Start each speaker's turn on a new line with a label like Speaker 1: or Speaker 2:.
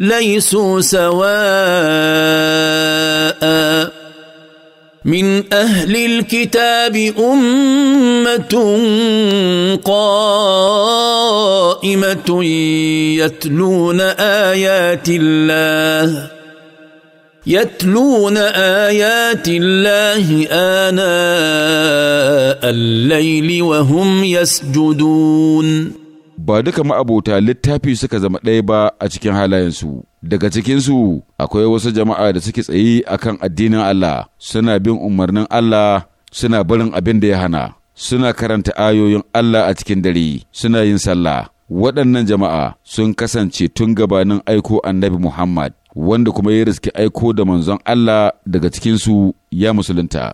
Speaker 1: ليسوا سواء من اهل الكتاب امه قائمه يتلون ايات الله يتلون ايات الله اناء الليل وهم
Speaker 2: يسجدون ba duka ma'abota littafi suka zama ɗaya ba a cikin halayensu. Daga cikinsu akwai wasu jama'a da suke tsaye akan addinin Allah, suna bin umarnin Allah, suna barin abin da ya hana, suna karanta ayoyin Allah a cikin dare, suna yin sallah. Waɗannan jama'a sun kasance tun gabanin aiko annabi Muhammad, wanda kuma ya riski aiko da manzon Allah daga cikinsu ya
Speaker 3: musulunta.